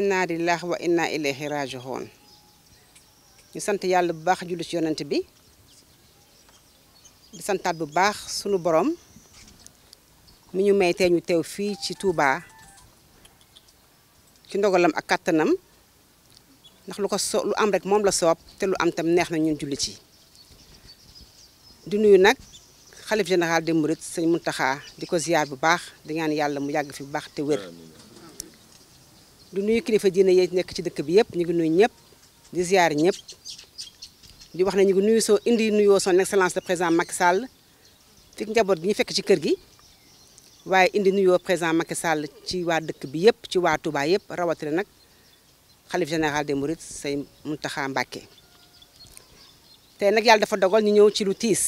inna lillahi wa inna ilayhi raji'un ñu sant yàlla bu baax julli yonent bi di santat bu baax sunu borom mi ñu may tee ñu teew fii ci Touba ci ndogalam ak katanam ndax lu ko so lu am rek mom la soob te lu am tam neex na ñun julli ci di nuyu nak xalif général de mourides seigne Mountakha diko ziar bu baax di ñaan yàlla mu yag fi bu baax te wér du nuyu kilifa diine yi nekk ci dëkk bi yëpp ñu ngi nuyu ñëpp di ziar ñëpp di wax ne ñu ngi nuyu soo indi nuyoo son excellence le président Macky Sall fi njaboot gi ñu fekk ci kër gi waaye indi nuyoo président Macky Sall ci waa dëkk bi yëpp ci waa Touba yëpp rawatina nag xalif général des Mourides mun taxa Mbacké te nag yàlla dafa dogal ñu ñëw ci lu tiis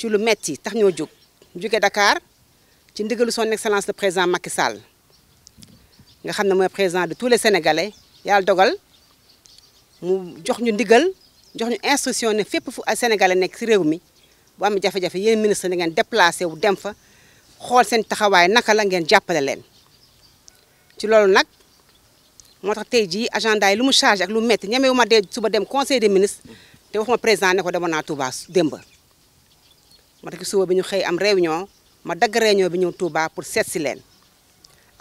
ci lu metti tax ñoo jóg jóge dakaar ci ndigalu son excellence le président Macky Sall nga xamne ne président de tous les sénégalais yàlla dogal mu jox ñu ndigal jox ñu instruction ne fep fu sénégalais nek ci réew mi bu am jafé jafé yéen ministre da ngeen déplacer wu dem fa xol sen taxaway naka la ngeen jappalé len ci lolu nak motax tay ji agenda yi lu mu charge ak lu metti ñame wu ma dee suba dem conseil des ministres te waxuma président ne ko demoon na Touba démb. moo tax suba bi ñu xey am réunion ma dag réunion bi ñëw Touba pour seet len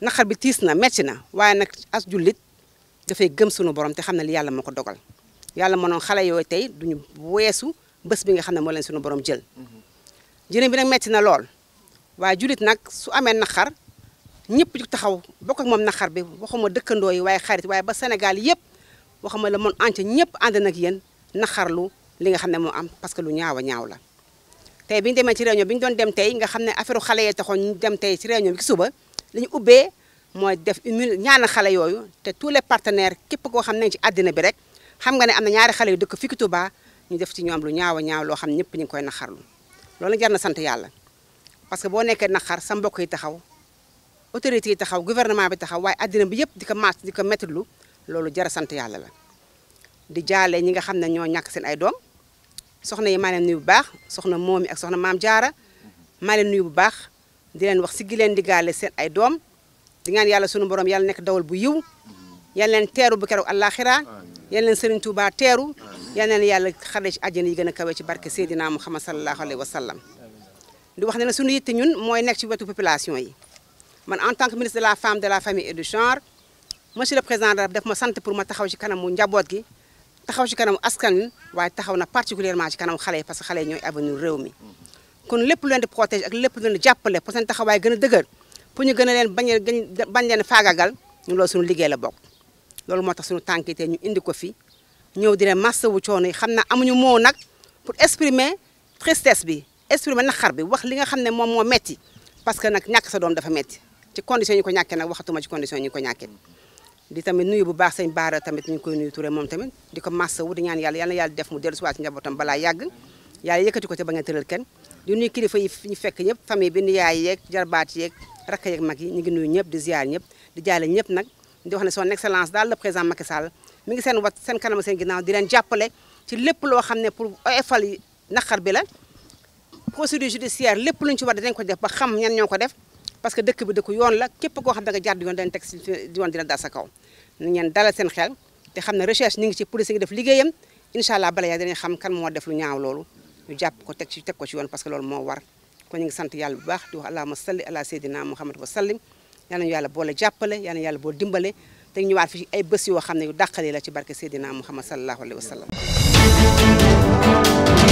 naqar bi tiis na metti na waaye nag as jullit dafay gëm sunu borom te xam ne li yàlla moo ko dogal yàlla mënoon xale yooyu tey duñu weesu bés bi nga xam ne moo leen sunu borom jël jëne bi nag metti na lool waaye jullit nag su amee naqar ñëpp ju taxaw bokk ak moom naqar bi waxuma dëkkandoo yi waaye xarit waaye ba Sénégal yëpp waxuma la moon ante ñëpp ànd nag yéen naqarlu li nga xam ne moo am parce que lu ñaaw a ñaaw la tey bi ñu demee ci réunion bi ñu doon dem tey nga xam ne affaire xale yee taxoon ñu dem tey ci réunion bi suba li ñu mooy def une ñaana xale yooyu te tous les partenaires képp koo xam ne ci àddina bi rek xam nga ne am na ñaari xale yu dëkk fii Touba ñu def ci ñoom lu ñaaw a ñaaw loo xam ñëpp ñu ngi koy naxarlu loolu jar sant yàlla parce que boo nekkee naxar sa mbokk yi taxaw autorités yi taxaw gouvernement bi taxaw waaye àddina bi yëpp di ko maas di ko méttitlu loolu jar sant yàlla la di jaale ñi nga xam ne ñoo ñàkk seen ay doom soxna yi maa leen nuyu bu baax soxna Momi ak soxna Maam Jaara maa leen nuyu bu baax di leen wax siggi leen di gaale sen ay dom di ñaan yalla suñu borom yalla nek dawal bu yiw yalla len teeru bu keroog àllaaxira yalla len Serigne Touba teeru yal leen yàlla xare ci àjjana yi gëna kawé ci barké Seydina Muhammad sallallahu alayhi wa sallam di wax ne suñu yitt ñun moy nek ci wetu population yi man en tant que ministre de la femme de la famille et du genre monsieur le président de la daf ma sant pour ma taxaw ci kanam mu njabot gi taxaw ci kanam askan wi taxaw na particulièrement ci kanam xalé parce que xalé ñoy avenir réew mi mm-hmm kon lepp lu leen di protéger ak lepp lu leen di jappalé pour seen taxaway gëna a dëgër pour ñu gën a leen bañ a bañ leen faagagal ñu lo suñu liggéey la bok loolu moo tax suñu tànk yi ñu indi ko fi ñew di leen massawu coono yi xam amuñu mo nak pour exprimer tristesse bi exprimer naxar bi wax li nga xamné ne mo metti parce que nak ñak sa doom dafa metti ci condition yi ñu ko ñaké nak waxatuma ci condition yi ñu ko ñaké di tamit nuyu bu baax sëñ Baara tamit ñu koy nuyu Touré mom tamit diko ko wu di ñaan yalla yalla yalla def mu dellusiwaat ci njabootam bala yàgg yaay yëkkati ko te ba ngeen tëral kenn di nuyu kilifa yi ñu fekk ñëpp famille bi yaay yeeg jarbaat yeeg rakk yeeg mag yi ñu ngi nuyu ñëpp di ziar ñëpp di jaale ñëpp nag di wax ne son excellence daal le président Macky Sall mi ngi seen wat seen kanam seen ginnaaw di leen jàppale ci lépp loo xam ne pour oyofal naqar bi la procédure judiciaire lépp luñ ci war dinañ ko def ba xam ñan ñoo ko def parce que dëkk bi dëkk yoon la képp koo xam ne da nga jaar di yoon dañ teg si yoon dina dal sa kaw ngeen dalal seen xel te xam ne recherche ñu ngi ci police ngi def liggéeyam incha allah bala yaa dinañ xam kan moo def lu ñaaw loolu ñu jàpp ko teg ci teg ko ci yoon parce que loolu moo war kon ñu ngi sant yàlla bu baax di wax allahuma salli ala seydina muhammad wa sallim yal nañu yàlla boole jàppale yal nañu yàlla boole dimbale te ñëwaat fi ay bés yoo xam ne yu dàqale la ci barke seydina muhammad sallallahu alayhi wa sallam